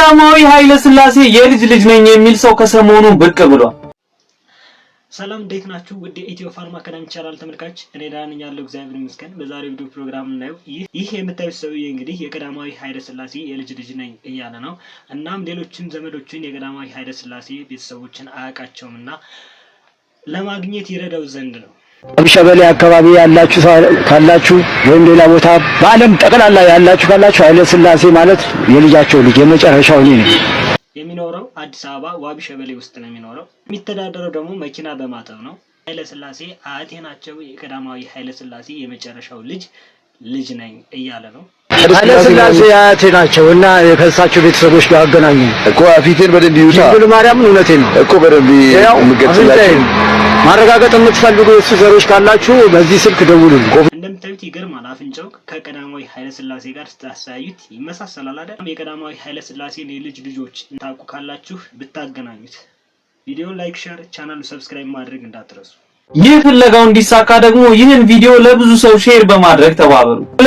ቀዳማዊ ኃይለ ሥላሴ የልጅ ልጅ ነኝ የሚል ሰው ከሰሞኑ ብቅ ብሏል። ሰላም እንዴት ናችሁ? ውድ ኢትዮ ፋርማ አካዳሚ ቻናል ተመልካች፣ እኔ ደህና ነኝ ያለው እግዚአብሔር ይመስገን። በዛሬው ቪዲዮ ፕሮግራም እናየው። ይህ የምታዩት ሰውዬ እንግዲህ የቀዳማዊ ኃይለ ሥላሴ የልጅ ልጅ ነኝ እያለ ነው። እናም ሌሎችም ዘመዶችን የቀዳማዊ ኃይለ ሥላሴ ቤተሰቦችን አያውቃቸውም እና ለማግኘት ይረዳው ዘንድ ነው ሸበሌ አካባቢ ያላችሁ ካላችሁ ወይም ሌላ ቦታ በዓለም ጠቅላላ ያላችሁ ካላችሁ ኃይለ ሥላሴ ማለት የልጃቸው ልጅ የመጨረሻው እኔ ነኝ። የሚኖረው አዲስ አበባ ዋቢ ሸበሌ ውስጥ ነው የሚኖረው። የሚተዳደረው ደግሞ መኪና በማጠብ ነው። ኃይለ ሥላሴ አያቴ ናቸው። የቀዳማዊ ኃይለ ሥላሴ የመጨረሻው ልጅ ልጅ ነኝ እያለ ነው። ኃይለ ሥላሴ አያቴ ናቸው እና ከእሳቸው ቤተሰቦች ጋር አገናኙ እኮ ፊቴን በደንብ ይዩታ። ድንግል ማርያምን እውነቴ ነው እኮ በደንብ ምገላቸው ማረጋገጥ የምትፈልጉ የእሱ ዘሮች ካላችሁ በዚህ ስልክ ደውሉልኝ። እንደምታዩት ይገርማል። አፍንጫው ከቀዳማዊ ስላሴ ጋር ስታሳዩት ይመሳሰላል አይደል? የቀዳማዊ ኃይለሥላሴን የልጅ ልጆች ታውቁ ካላችሁ ብታገናኙት። ቪዲዮ ላይክ፣ ሼር፣ ቻናሉ ሰብስክራይብ ማድረግ እንዳትረሱ። ይህ ፍለጋው እንዲሳካ ደግሞ ይህን ቪዲዮ ለብዙ ሰው ሼር በማድረግ ተባበሩ።